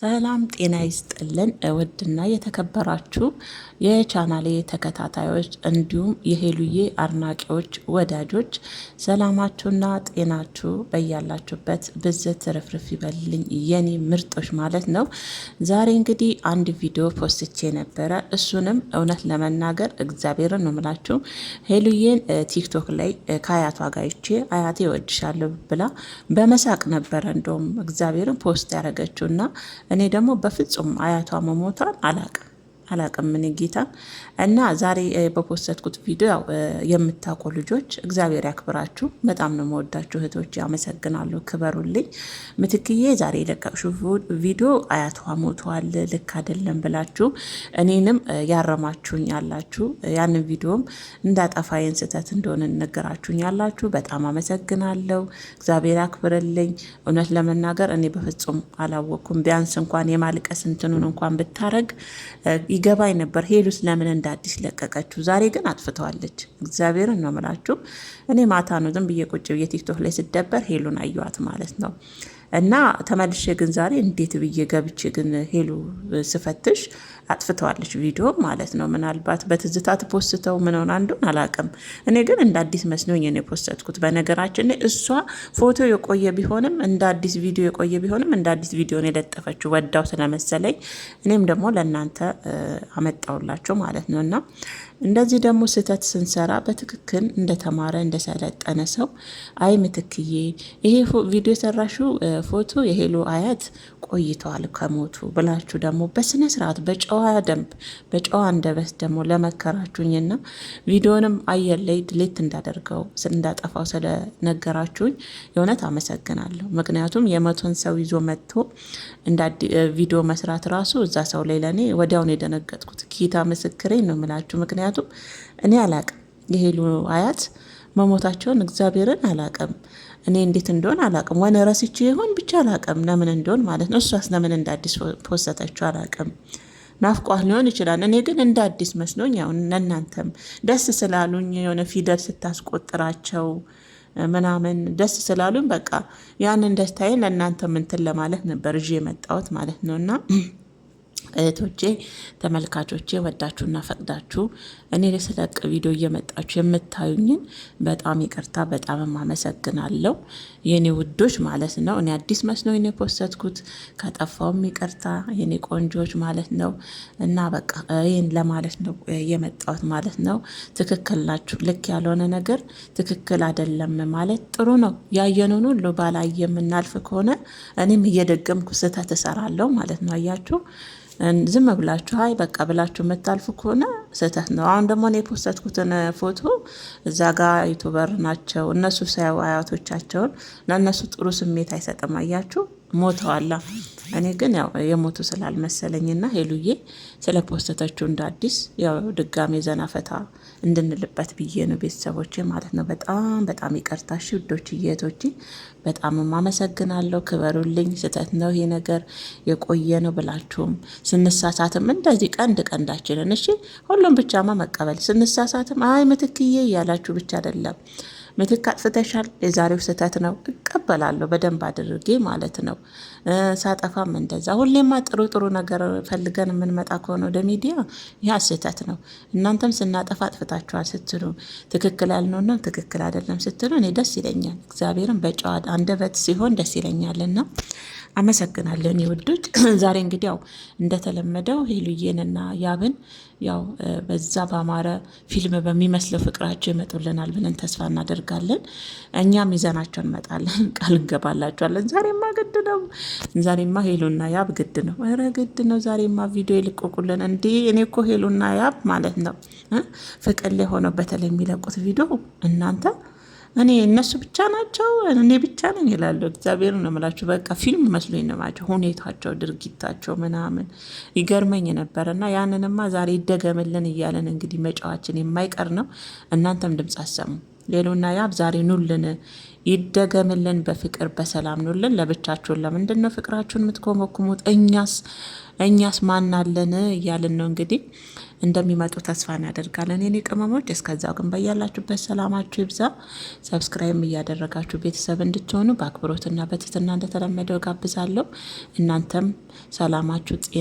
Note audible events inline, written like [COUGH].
ሰላም ጤና ይስጥልን። ውድና የተከበራችሁ የቻናሌ ተከታታዮች እንዲሁም የሄሉዬ አድናቂዎች ወዳጆች፣ ሰላማችሁና ጤናችሁ በያላችሁበት ብዝት ርፍርፍ ይበልልኝ የኔ ምርጦች ማለት ነው። ዛሬ እንግዲህ አንድ ቪዲዮ ፖስትቼ ነበረ። እሱንም እውነት ለመናገር እግዚአብሔርን ነው ምላችሁ ሄሉዬን ቲክቶክ ላይ ከአያቷ ጋር ይቼ አያቴ እወድሻለሁ ብላ በመሳቅ ነበረ እንደውም እግዚአብሔርን ፖስት ያደረገችውና እኔ ደግሞ በፍጹም አያቷ መሞቷን አላቅም። አላቅም ምን ጌታ እና ዛሬ በፖስተትኩት ቪዲዮ ያው የምታውቁ ልጆች እግዚአብሔር ያክብራችሁ። በጣም ነው መወዳችሁ እህቶች፣ ያመሰግናለሁ፣ ክበሩልኝ። ምትክዬ ዛሬ የለቀቅሹ ቪዲዮ አያቷ ሞተዋል ልክ አይደለም ብላችሁ እኔንም ያረማችሁኝ ያላችሁ ያንን ቪዲዮም እንዳጠፋዬን ስህተት እንደሆነ ነገራችሁኝ ያላችሁ በጣም አመሰግናለሁ። እግዚአብሔር ያክብርልኝ። እውነት ለመናገር እኔ በፍጹም አላወቅኩም። ቢያንስ እንኳን የማልቀስ እንትኑን እንኳን ብታረግ ይገባኝ ነበር ሄሉስ ለምን እንደ አዲስ ለቀቀችው? ዛሬ ግን አጥፍተዋለች። እግዚአብሔርን ነው ምላችሁ። እኔ ማታ ነው ዝም ብዬ ቁጭ ብዬ ቲክቶክ ላይ ስደበር ሄሉን አየዋት ማለት ነው። እና ተመልሼ ግን ዛሬ እንዴት ብዬ ገብቼ ግን ሄሉ ስፈትሽ አጥፍተዋለች ቪዲዮ ማለት ነው። ምናልባት በትዝታ ፖስተው ምንሆን አንዱን አላውቅም። እኔ ግን እንደ አዲስ መስሎኝ ነው የፖስተትኩት። በነገራችን ላይ እሷ ፎቶ የቆየ ቢሆንም እንደ አዲስ ቪዲዮ የቆየ ቢሆንም እንደ አዲስ ቪዲዮን የለጠፈችው ወዳው ስለመሰለኝ፣ እኔም ደግሞ ለእናንተ አመጣውላቸው ማለት ነው እና እንደዚህ ደግሞ ስህተት ስንሰራ በትክክል እንደተማረ እንደሰለጠነ ሰው አይ ምትክዬ፣ ይሄ ቪዲዮ የሰራሽው ፎቶ የሄሎ አያት ቆይተዋል ከሞቱ ብላችሁ ደግሞ በስነ ስርዓት በጨዋ በጨዋ ደንብ በጨዋ አንደበት ደግሞ ለመከራችሁኝና ቪዲዮንም አየር ላይ ድሌት እንዳደርገው እንዳጠፋው ስለነገራችሁኝ የእውነት አመሰግናለሁ። ምክንያቱም የመቶን ሰው ይዞ መጥቶ ቪዲዮ መስራት ራሱ እዛ ሰው ላይ ለእኔ ወዲያውን የደነገጥኩት ጌታ ምስክሬ ነው ምላችሁ። ምክንያቱም እኔ አላቅም የሄሉ አያት መሞታቸውን እግዚአብሔርን አላቅም። እኔ እንዴት እንደሆን አላቅም። ወን ረስቼ ይሆን ብቻ አላቅም፣ ለምን እንደሆን ማለት ነው። እሷስ ለምን እንደ አዲስ ፖሰተችው አላቅም። ናፍቋት ሊሆን ይችላል። እኔ ግን እንደ አዲስ መስሎኝ ያው እናንተም ደስ ስላሉኝ የሆነ ፊደል ስታስቆጥራቸው ምናምን ደስ ስላሉኝ በቃ ያንን ደስታዬን ለእናንተ ምንትን ለማለት ነበር እዥ የመጣሁት ማለት ነው እና እህቶቼ ተመልካቾቼ ወዳችሁና ፈቅዳችሁ እኔ ስለቅ ቪዲዮ እየመጣችሁ የምታዩኝን በጣም ይቅርታ በጣም አመሰግናለሁ የኔ ውዶች ማለት ነው። እኔ አዲስ መስሎኝ ነው የፖስተትኩት ከጠፋውም ይቅርታ የኔ ቆንጆች ማለት ነው። እና በቃ ይህን ለማለት ነው የመጣሁት ማለት ነው። ትክክል ናችሁ። ልክ ያልሆነ ነገር ትክክል አይደለም ማለት ጥሩ ነው። ያየነውን ሁሉ ባላየ የምናልፍ ከሆነ እኔም እየደገምኩ ስህተት እሰራለሁ ማለት ነው። አያችሁ ዝም ብላችሁ አይ በቃ ብላችሁ የምታልፉ ከሆነ ስህተት ነው። አሁን ደግሞ እኔ የፖስተትኩትን ፎቶ እዛ ጋ ዩቱበር ናቸው እነሱ ሳያዩ አያቶቻቸውን ለእነሱ ጥሩ ስሜት አይሰጥም። አያችሁ ሞተዋላ እኔ ግን ያው የሞቱ ስላልመሰለኝና ሄሉዬ ስለ ፖስተተችው እንደ አዲስ ያው ድጋሜ ዘና ፈታ እንድንልበት ብዬ ነው ቤተሰቦች ማለት ነው። በጣም በጣም ይቀርታሽ ውዶች እየቶች በጣም አመሰግናለሁ። ክበሩልኝ። ስህተት ነው ይሄ ነገር የቆየ ነው ብላችሁም ስንሳሳትም እንደዚህ ቀንድ ቀንዳችንን እሺ ሁሉም ብቻማ መቀበል ስንሳሳትም አይ ምትክዬ እያላችሁ ብቻ አይደለም ምትክ አጥፍተሻል፣ የዛሬው ስህተት ነው እቀበላለሁ፣ በደንብ አድርጌ ማለት ነው። ሳጠፋም እንደዛ። ሁሌማ ጥሩ ጥሩ ነገር ፈልገን የምንመጣ ከሆነ ወደ ሚዲያ ያ ስህተት ነው። እናንተም ስናጠፋ አጥፍታችኋል ስትሉ ትክክል ያልነውና ትክክል አይደለም ስትሉ እኔ ደስ ይለኛል። እግዚአብሔርም በጨዋ አንደበት ሲሆን ደስ ይለኛልና አመሰግናለሁ። እኔ ውዶች [CLEARS THROAT] ዛሬ እንግዲህ ያው እንደተለመደው ሄሉዬንና ያብን ያው በዛ በአማረ ፊልም በሚመስለው ፍቅራቸው ይመጡልናል ብለን ተስፋ እናደርጋለን። እኛም ይዘናቸው እንመጣለን፣ [LAUGHS] ቃል እንገባላቸዋለን። ዛሬማ ግድ ነው። ዛሬማ ሄሉና ያብ ግድ ነው። ኧረ ግድ ነው። ዛሬማ ቪዲዮ ይልቀቁልን። እንዲህ እኔ እኮ ሄሉና ያብ ማለት ነው ፍቅር ላይ ሆነው በተለይ የሚለቁት ቪዲዮ እናንተ እኔ እነሱ ብቻ ናቸው እኔ ብቻ ነኝ ይላሉ። እግዚአብሔር ነው የምላችሁ፣ በቃ ፊልም መስሎኝ ነው ሁኔታቸው፣ ድርጊታቸው ምናምን ይገርመኝ ነበር። እና ያንንማ ዛሬ ይደገምልን እያለን እንግዲህ መጫዋችን የማይቀር ነው። እናንተም ድምፅ አሰሙ። ሌሉና ያብ ዛሬ ኑልን ይደገምልን። በፍቅር በሰላም ኑልን። ለብቻችሁን ለምንድን ነው ፍቅራችሁን የምትኮመኩሙት? እኛስ እኛስ ማናለን እያልን ነው እንግዲህ እንደሚመጡ ተስፋ እናደርጋለን። የኔ ቅመሞች እስከዛው ግን በያላችሁበት ሰላማችሁ ይብዛ። ሰብስክራይብ እያደረጋችሁ ቤተሰብ እንድትሆኑ በአክብሮትና በትህትና እንደተለመደው ጋብዛለሁ። እናንተም ሰላማችሁ ጤና